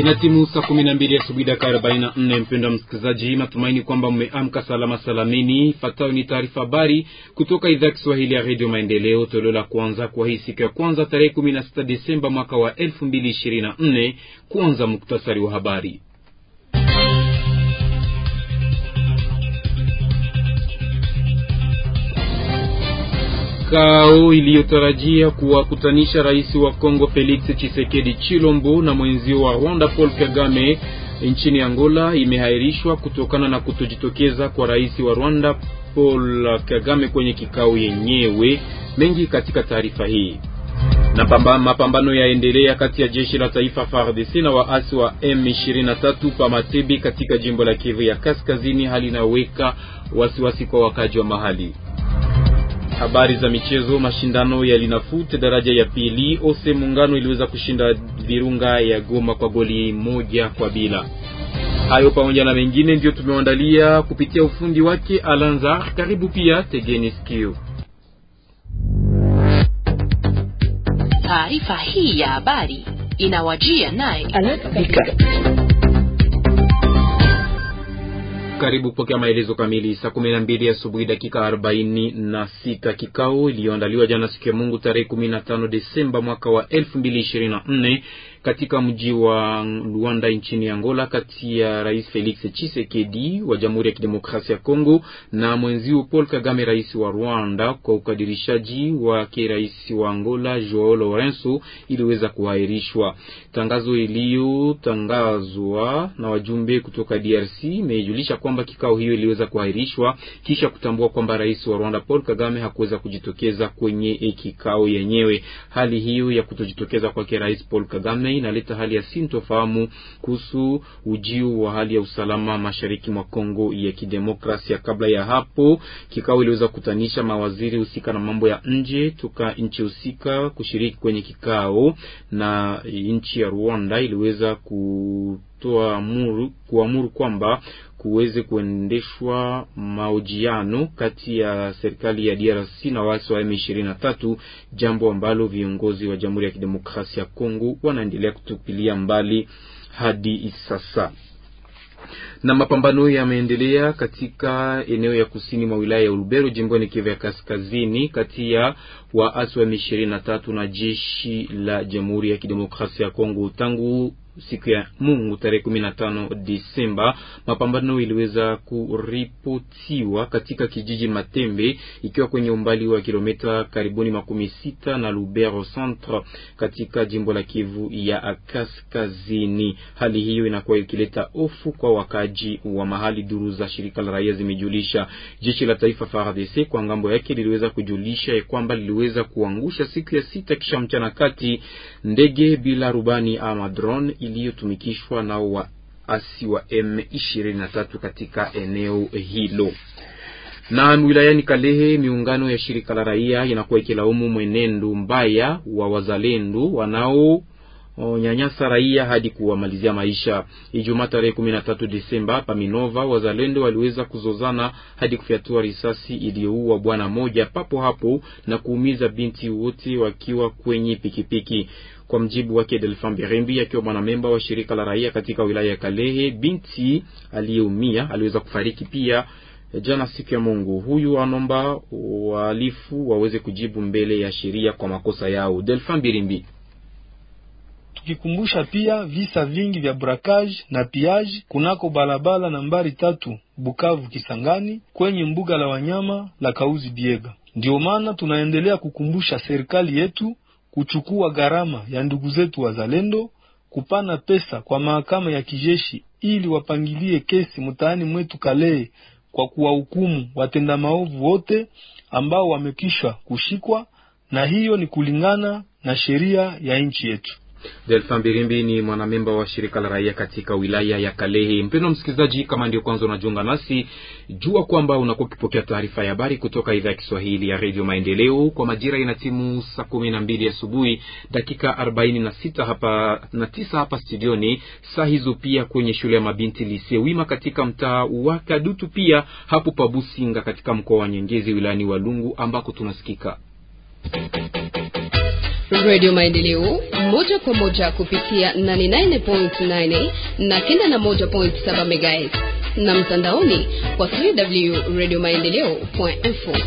Inatimu saa kumi na mbili asubuhi dakika arobaini na nne. wa msikilizaji, natumaini kwamba mmeamka salama salamini. Ifuatayo ni taarifa habari kutoka idhaa ya Kiswahili ya Redio Maendeleo, toleo la kwanza kwa hii siku ya kwanza tarehe kumi na sita Desemba mwaka wa elfu mbili ishirini na nne. Kuanza muktasari wa habari Kikao iliyotarajia kuwakutanisha rais wa Kongo Felix Tshisekedi Chilombo na mwenzio wa Rwanda Paul Kagame nchini Angola imehairishwa kutokana na kutojitokeza kwa rais wa Rwanda Paul Kagame kwenye kikao yenyewe. Mengi katika taarifa hii. Na pamba, mapambano yaendelea kati ya jeshi la taifa FARDC na waasi wa M23 pa matebi katika jimbo la Kivu ya Kaskazini, hali inayoweka wasiwasi kwa wakaji wa mahali. Habari za michezo. Mashindano ya linafute daraja ya pili, Ose Muungano iliweza kushinda Virunga ya Goma kwa goli moja kwa bila. Hayo pamoja na mengine ndiyo tumeandalia kupitia ufundi wake Alanza. Karibu pia, tegeni sikio. Taarifa hii ya habari inawajia naye karibu kupokea maelezo kamili saa kumi na mbili asubuhi dakika arobaini na sita. Kikao iliyoandaliwa jana siku ya Mungu tarehe kumi na tano Desemba mwaka wa elfu mbili ishirini na nne katika mji wa Luanda nchini Angola, kati ya Rais Felix Tshisekedi wa Jamhuri ya Kidemokrasia ya Kongo na mwenziu Paul Kagame, rais wa Rwanda, kwa ukadirishaji wake rais wa Angola Joao Lourenco iliweza kuahirishwa. Tangazo iliyotangazwa na wajumbe kutoka DRC imejulisha kwamba kikao hiyo iliweza kuahirishwa kisha kutambua kwamba rais wa Rwanda Paul Kagame hakuweza kujitokeza kwenye kikao yenyewe. Hali hiyo ya kutojitokeza kwake rais Paul Kagame Sudani inaleta hali ya sintofahamu kuhusu ujio wa hali ya usalama mashariki mwa Kongo ya Kidemokrasia. Kabla ya hapo, kikao iliweza kukutanisha mawaziri husika na mambo ya nje toka nchi husika kushiriki kwenye kikao, na nchi ya Rwanda iliweza ku kuamuru kwamba kuweze kuendeshwa maojiano kati ya serikali ya DRC na waasi wa M23, jambo ambalo viongozi wa Jamhuri ya Kidemokrasia ya Kongo wanaendelea kutupilia mbali hadi sasa na mapambano yameendelea katika eneo ya kusini mwa wilaya ya Ulubero jimboni Kivu ya kaskazini kati ya waasi wa M23 na jeshi la Jamhuri ya Kidemokrasia ya Kongo tangu siku ya Mungu tarehe 15 Desemba, mapambano iliweza kuripotiwa katika kijiji Matembe, ikiwa kwenye umbali wa kilomita karibuni makumi sita na Lubero Centre katika jimbo la Kivu ya Kaskazini. Hali hiyo inakuwa ikileta hofu kwa wakaji wa mahali. Duru za shirika la raia zimejulisha. Jeshi la taifa FARDC kwa ngambo yake liliweza kujulisha ya kwamba liliweza kuangusha siku ya sita kisha mchana kati ndege bila rubani ama drone iliyotumikishwa na waasi wa M23 katika eneo hilo. Na wilayani Kalehe, miungano ya shirika la raia inakuwa ikilaumu mwenendo mbaya wa wazalendo wanao nyanyasa raia hadi kuwamalizia maisha. Ijumaa tarehe 13 Desemba hapa Minova, wazalendo waliweza kuzozana hadi kufyatua risasi iliyoua bwana moja papo hapo na kuumiza binti wote wakiwa kwenye pikipiki. Kwa mjibu wake Delfin Birembi, akiwa mwanamemba wa shirika la raia katika wilaya ya Kalehe, binti aliyeumia aliweza kufariki pia jana siku ya Mungu. Huyu anomba wahalifu waweze kujibu mbele ya sheria kwa makosa yao. Delfin Birimbi tukikumbusha pia visa vingi vya brakage na piage kunako barabara nambari tatu Bukavu Kisangani kwenye mbuga la wanyama la Kauzi Biega. Ndiyo maana tunaendelea kukumbusha serikali yetu kuchukua gharama ya ndugu zetu wazalendo, kupana pesa kwa mahakama ya kijeshi ili wapangilie kesi mtaani mwetu Kalee kwa kuwahukumu watenda maovu wote ambao wamekwisha kushikwa, na hiyo ni kulingana na sheria ya nchi yetu. Delfa Mbirimbi ni mwanamemba wa shirika la raia katika wilaya ya Kalehe. Mpendwa msikilizaji, kama ndio kwanza unajiunga nasi, jua kwamba unakuwa ukipokea taarifa ya habari kutoka idhaa ya Kiswahili ya redio Maendeleo. Kwa majira ina timu saa kumi na mbili asubuhi dakika arobaini na sita hapa na tisa hapa studioni, saa hizo pia kwenye shule ya mabinti Lise Wima katika mtaa wa Kadutu, pia hapo Pabusinga katika mkoa wa Nyengezi wilayani Walungu ambako tunasikika Radio Maendeleo moja kwa moja kupitia 89.9 na 91.7 MHz na mtandaoni kwa www.radiomaendeleo.info.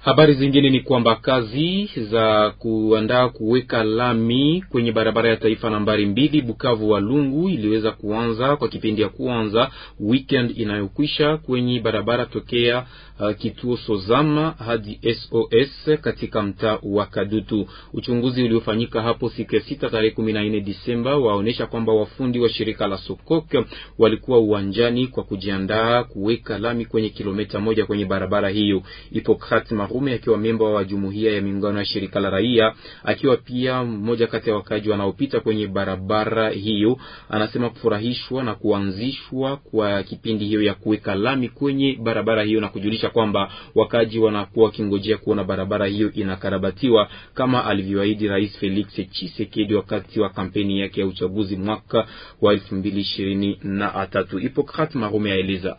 Habari zingine ni kwamba kazi za kuandaa kuweka lami kwenye barabara ya taifa nambari mbili Bukavu Walungu iliweza kuanza kwa kipindi ya kuanza weekend inayokwisha kwenye barabara tokea Uh, kituo Sozama hadi SOS katika mtaa wa Kadutu. Uchunguzi uliofanyika hapo siku ya sita tarehe kumi na nne Disemba waonyesha kwamba wafundi wa shirika la Sokok walikuwa uwanjani kwa kujiandaa kuweka lami kwenye kilomita moja kwenye barabara hiyo. Hipokrat Marume akiwa memba wa jumuiya ya miungano ya shirika la raia, akiwa pia mmoja kati ya wakaaji wanaopita kwenye barabara hiyo, anasema kufurahishwa na kuanzishwa kwa kipindi hiyo ya kuweka lami kwenye barabara hiyo na kujulisha kuhakikisha kwamba wakaji wanakuwa wakingojea kuona barabara hiyo inakarabatiwa kama alivyoahidi Rais Felix Tshisekedi wakati wa kampeni yake ya uchaguzi mwaka wa elfu mbili ishirini na tatu. Hipokrat Marome aeleza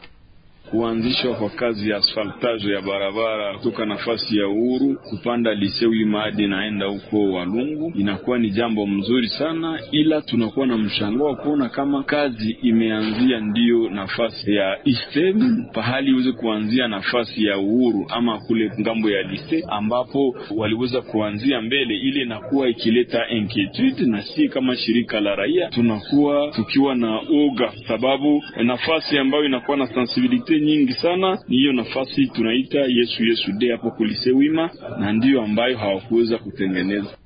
kuanzishwa kwa kazi ya asfaltage ya barabara kutoka nafasi ya Uhuru kupanda Lisewi maadi naenda huko Walungu inakuwa ni jambo mzuri sana, ila tunakuwa na mshangao wa kuona kama kazi imeanzia ndiyo nafasi ya Istem pahali iweze kuanzia nafasi ya Uhuru ama kule ngambo ya Lise ambapo waliweza kuanzia mbele, ile inakuwa ikileta inquietude, na si kama shirika la raia tunakuwa tukiwa na oga, sababu nafasi ambayo inakuwa na sensibilite shule nyingi sana. Ni hiyo nafasi tunaita Yesu Yesu de hapo kulise wima, na ndiyo ambayo hawakuweza kutengeneza.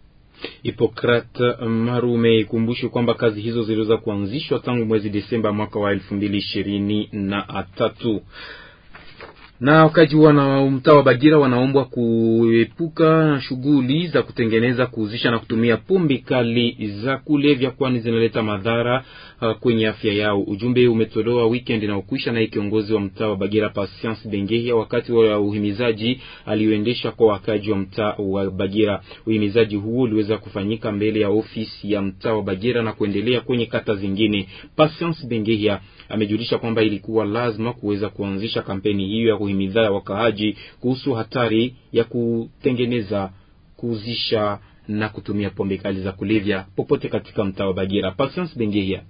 Hipokrat Marume ikumbushwe kwamba kazi hizo ziliweza kuanzishwa tangu mwezi Desemba mwaka wa elfu mbili ishirini na tatu na wakaji wana mtaa wa Bagira wanaombwa kuepuka shughuli za kutengeneza, kuuzisha na kutumia pombe kali za kulevya, kwani zinaleta madhara uh, kwenye afya yao. Ujumbe umetolewa weekend na ukwisha naye kiongozi wa mtaa wa Bagira Patience Bengehia wakati wa uhimizaji aliyoendesha kwa wakaji wa mtaa wa Bagira. Uhimizaji huo uliweza kufanyika mbele ya ofisi ya mtaa wa Bagira na kuendelea kwenye kata zingine. Patience Bengehia amejulisha kwamba ilikuwa lazima kuweza kuanzisha kampeni hiyo ya kuhimiza wakaaji kuhusu hatari ya kutengeneza, kuuzisha na kutumia pombe kali za kulevya popote katika mtaa wa Bagira. Patience bengehia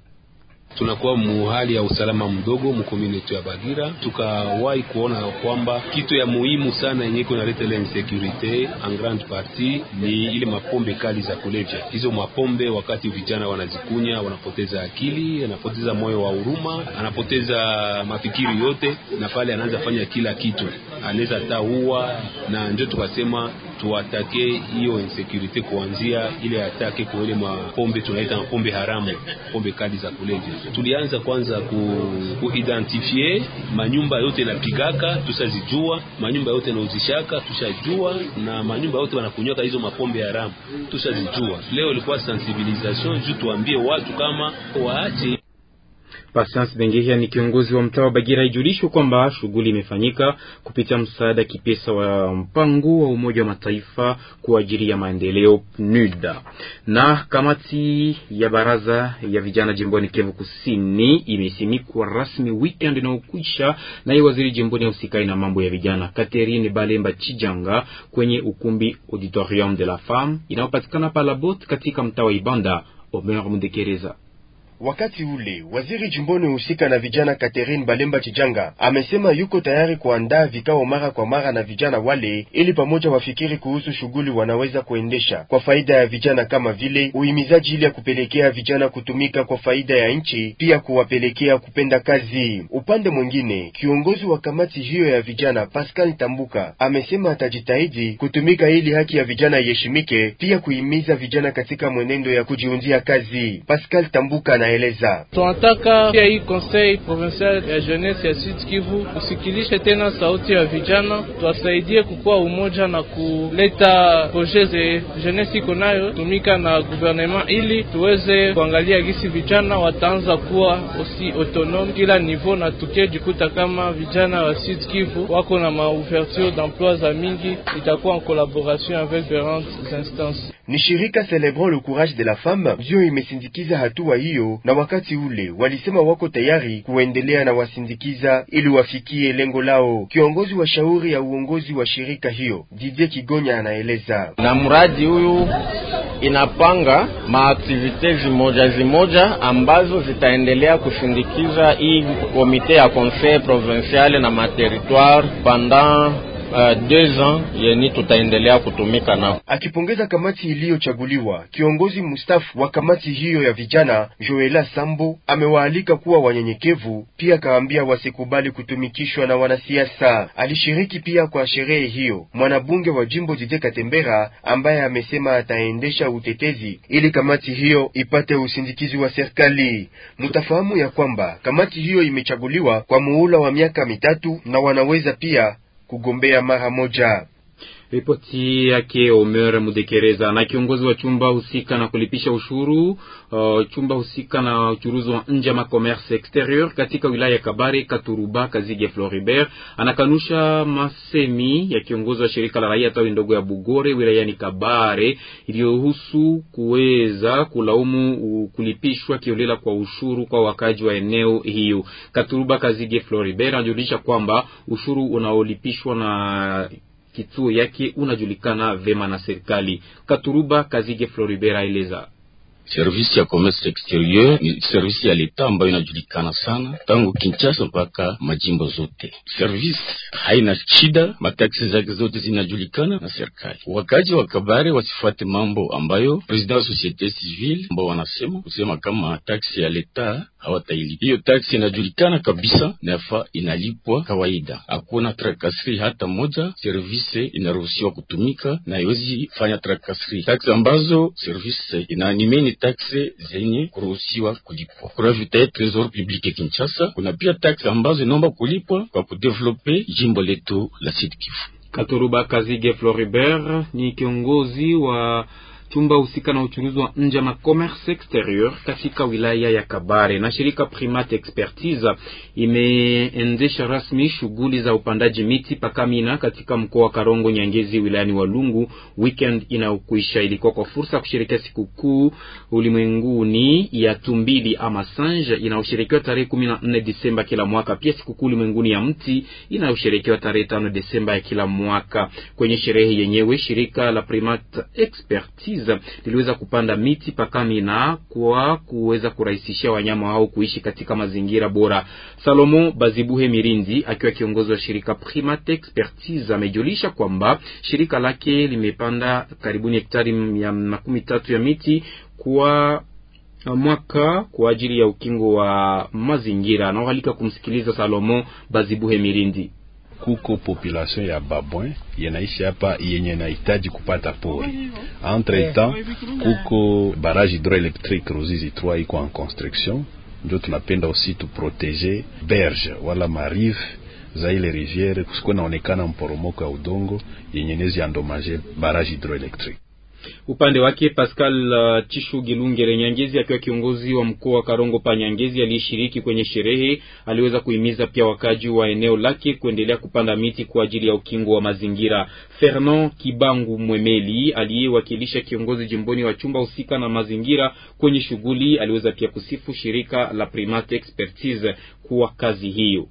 tunakuwa muhali ya usalama mdogo mkomunitu ya Bagira. Tukawahi kuona kwamba kitu ya muhimu sana yenye kunaleta ile insecurite en grande partie ni ile mapombe kali za kulevya. Hizo mapombe wakati vijana wanazikunya, wanapoteza akili, anapoteza moyo wa huruma, anapoteza mafikiri yote, na pale anaanza fanya kila kitu, anaweza taua, na ndio tukasema tuatake hiyo insecurity kuanzia ile atake kwa ile mapombe tunaita mapombe haramu, pombe kali za kulevya. Tulianza kwanza kuidentifie ku manyumba yote napigaka, tushazijua manyumba yote nauzishaka, tushajua na manyumba yote wanakunywaka hizo mapombe haramu, tushazijua. Leo ilikuwa sensibilisation juu tuambie watu kama waache Patience Bengeja ni kiongozi wa mtaa wa Bagira. Ijulishwe kwamba shughuli imefanyika kupitia msaada kipesa wa mpango wa Umoja wa Mataifa kwa ajili ya maendeleo PNUDA. Na kamati ya baraza ya vijana jimboni Kivu Kusini imesimikwa rasmi weekend na naye waziri jimboni usikai na mambo ya vijana Catherine Balemba Chijanga kwenye ukumbi Auditorium de la Femme inayopatikana Palabot katika mtaa wa Ibanda. Omer Mundekereza Wakati ule waziri jimboni husika na vijana Catherine Balemba Chijanga amesema yuko tayari kuandaa vikao mara kwa mara na vijana wale, ili pamoja wafikiri kuhusu shughuli wanaweza kuendesha kwa faida ya vijana, kama vile uhimizaji ili ya kupelekea vijana kutumika kwa faida ya nchi, pia kuwapelekea kupenda kazi. Upande mwingine, kiongozi wa kamati hiyo ya vijana Pascal Tambuka amesema atajitahidi kutumika ili haki ya vijana iheshimike, pia kuhimiza vijana katika mwenendo ya kujiundia kazi. Pascal Tambuka na anaeleza. Tunataka pia hii Conseil Provincial ya Jeunesse ya Sud Kivu kusikilishe tena sauti ya vijana, tuwasaidie kukuwa umoja na kuleta projet ze jeunesse iko nayo tumika na guvernema, ili tuweze kuangalia gisi vijana wataanza kuwa osi autonome kila niveau, na tukie jikuta kama vijana wa Sud Kivu wako na ma ouverture d'emploi za mingi, itakuwa en collaboration avec différentes instances. Ni shirika Celebrant le Courage de la Femme ndiyo imesindikiza hatua hiyo, na wakati ule walisema wako tayari kuendelea na wasindikiza ili wafikie lengo lao. Kiongozi wa shauri ya uongozi wa shirika hiyo Didier Kigonya anaeleza na mradi huyu inapanga maaktivite zimoja zimoja ambazo zitaendelea kushindikiza hii komite ya conseil provincial na materitoire pendant uh, ans yeni tutaendelea kutumika nao. Akipongeza kamati iliyochaguliwa, kiongozi mustafu wa kamati hiyo ya vijana Joela Sambo amewaalika kuwa wanyenyekevu, pia akaambia wasikubali kutumikishwa na wanasiasa. Alishiriki pia kwa sherehe hiyo mwanabunge wa jimbo Didier Katembera ambaye amesema ataendesha utetezi ili kamati hiyo ipate usindikizi wa serikali. mutafahamu ya kwamba kamati hiyo imechaguliwa kwa muhula wa miaka mitatu na wanaweza pia kugombea mara moja. Ripoti yake Omer Mudekereza na kiongozi wa chumba husika na kulipisha ushuru uh, chumba husika na uchuruzi wa nje ama commerce exterieur katika wilaya ya Kabare Katuruba Kazige Floribert anakanusha masemi ya kiongozi wa shirika la raia tawi ndogo ya Bugore wilayani Kabare iliyohusu kuweza kulaumu kulipishwa kiolela kwa ushuru kwa wakaji wa eneo hiyo. Katuruba Kazige Floribert anajulisha kwamba ushuru unaolipishwa na kituo yake unajulikana vema na serikali. Katuruba Kazige Floribera eleza Servisi ya commerce exterieur ni servisi ya leta ambayo inajulikana sana tangu Kinshasa mpaka majimbo zote. Servisi haina shida, mataksi zake zote zinajulikana na serikali. Wakaji wa Kabare wasifuate mambo ambayo president wa societe civile ambao wanasema kusema kama taksi ya leta hawatailipa. Hiyo taksi inajulikana kabisa na yafaa inalipwa kawaida, hakuna trakasri hata moja. Servisi inaruhusiwa kutumika na haiwezi fanya trakasri. Taksi ambazo servisi inaanimeni taxe zenye kuruhusiwa kulipwa. Kuna vitaye trésor Public ya Kinshasa, kuna pia taxe ambazo inaomba kulipwa kwa kudevelope jimbo letu la Sud Kivu. Katuruba Kazige Floribert ni kiongozi wa chumba husika na uchunguzi wa nje na commerce exterieur katika wilaya ya Kabare. Na shirika Primate Expertise imeendesha rasmi shughuli za upandaji miti pakamina katika mkoa wa Karongo Nyangezi wilayani Walungu weekend inayokuisha. Ilikuwa kwa fursa ya kushirikia sikukuu ulimwenguni ya tumbili ama sanja inayosherekewa tarehe 14 Disemba kila mwaka, pia sikukuu ulimwenguni ya mti inayosherekewa tarehe 5 Disemba ya kila mwaka. Kwenye sherehe yenyewe shirika la Primat Expertise giza liliweza kupanda miti pakami na kwa kuweza kurahisishia wanyama hao kuishi katika mazingira bora. Salomo Bazibuhe Mirindi akiwa kiongozi wa shirika Primate Expertise amejulisha kwamba shirika lake limepanda karibuni hektari ya makumi tatu ya miti kwa mwaka kwa ajili ya ukingo wa mazingira. Anaohalika kumsikiliza Salomo Bazibuhe Mirindi. kuko population ya Babwe yanaishi hapa yenye inahitaji kupata pori. Entre temps kuko barrage hydroelectrique Ruzizi 3 iko en construction, ndio tunapenda aussi tuproteje berge wala marive za ile riviere kusikuwa naonekana mporomoko ya udongo yenye nezi andomaje barrage hydroelectrique. Upande wake Pascal uh, Chishu Gilungere Nyangezi akiwa kiongozi wa mkoa wa Karongo pa Nyangezi aliyeshiriki kwenye sherehe aliweza kuhimiza pia wakaji wa eneo lake kuendelea kupanda miti kwa ajili ya ukingo wa mazingira. Fernand Kibangu Mwemeli aliyewakilisha kiongozi jimboni wa chumba husika na mazingira kwenye shughuli aliweza pia kusifu shirika la Primate Expertise kwa kazi hiyo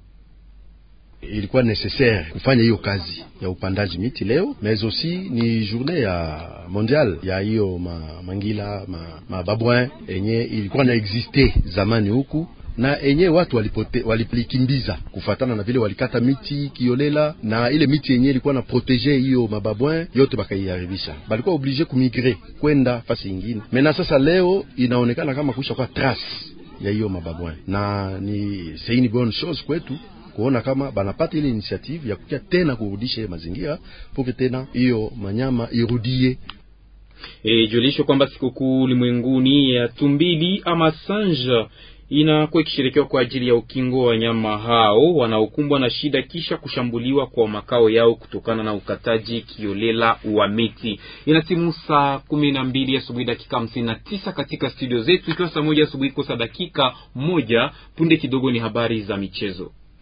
ilikuwa necessaire kufanya hiyo kazi ya upandaji miti leo, mais aussi ni journée ya mondial ya hiyo ma, mangila mababwin ma enye ilikuwa na existe zamani huku na enye watu walipote, kufatana na vile walikata miti kiolela, na ile miti yenye ilikuwa na protege hiyo mababwin yote bakaiharibisha, balikuwa oblige kumigre kwenda fasi ingine. Mena sasa leo inaonekana kama kuisha kwa trace ya hiyo mababwin, na ni seini bonne chose kwetu kuona kama banapata ile initiative ya kukia tena kurudisha mazingira poke tena hiyo manyama irudie. E, julisho kwamba sikukuu ulimwenguni ya tumbili ama sanja inakuwa ikisherekewa kwa ajili ya ukingo wa wanyama hao wanaokumbwa na shida kisha kushambuliwa kwa makao yao kutokana na ukataji kiolela wa miti. Inatimu saa kumi na mbili asubuhi dakika hamsini na tisa katika studio zetu, ikiwa saa moja asubuhi kosa dakika moja. Punde kidogo ni habari za michezo.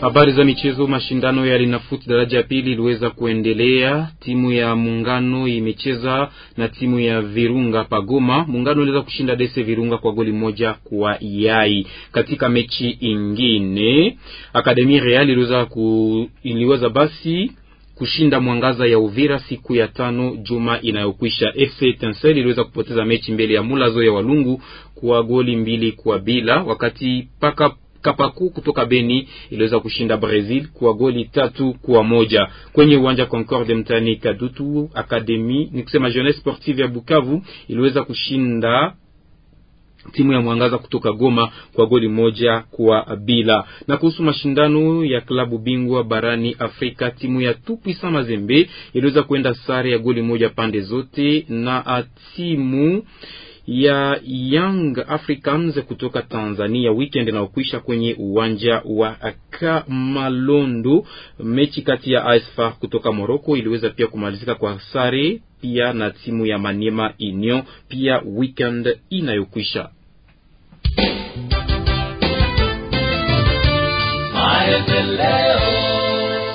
Habari za michezo. Mashindano ya linafuti daraja ya pili iliweza kuendelea. Timu ya Muungano imecheza na timu ya Virunga Pagoma. Muungano iliweza kushinda Dese Virunga kwa goli moja kwa yai. Katika mechi ingine, Akademi Real iliweza ku iliweza basi kushinda Mwangaza ya Uvira siku ya tano juma inayokwisha. FC Tencel iliweza kupoteza mechi mbele ya Mulazo ya Walungu kwa goli mbili kwa bila, wakati paka Kapaku kutoka Beni iliweza kushinda Brazil kwa goli tatu kwa moja kwenye uwanja Concorde mtani Kadutu. Akademi ni kusema Jeunesse Sportive ya Bukavu iliweza kushinda timu ya Mwangaza kutoka Goma kwa goli moja kwa bila. Na kuhusu mashindano ya klabu bingwa barani Afrika, timu ya Tupisa Mazembe iliweza kuenda sare ya goli moja pande zote na timu ya Young Africans kutoka Tanzania weekend ukwisha kwenye uwanja wa Kamalondo. Mechi kati ya AS FAR kutoka Morocco iliweza pia kumalizika kwa sare pia na timu ya Maniema Union pia weekend inayokwisha.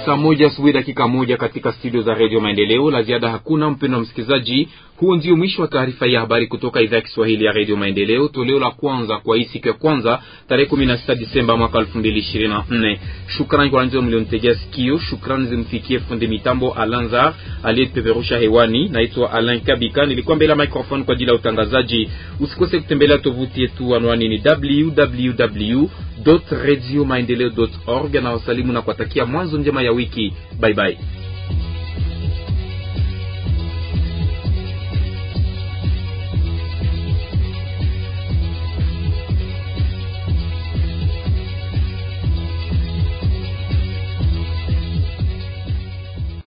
Saa moja asubuhi dakika moja katika studio za redio Maendeleo. La ziada hakuna, mpendo wa msikilizaji, huu ndio mwisho wa taarifa ya habari kutoka idhaa ya Kiswahili ya redio Maendeleo, toleo la kwanza kwa hii siku ya kwanza tarehe 16 Disemba mwaka 2024. Shukrani kwa wanjo mliontegea sikio. Shukrani zimfikie fundi mitambo Alanza aliyepeperusha hewani. Naitwa Alain Kabika, nilikuwa mbele ya microphone kwa ajili ya utangazaji. Usikose kutembelea tovuti yetu, anwani ni www www.radiomaendeleo.org, na wasalimu na kuwatakia mwanzo njema ya ya wiki. Bye bye.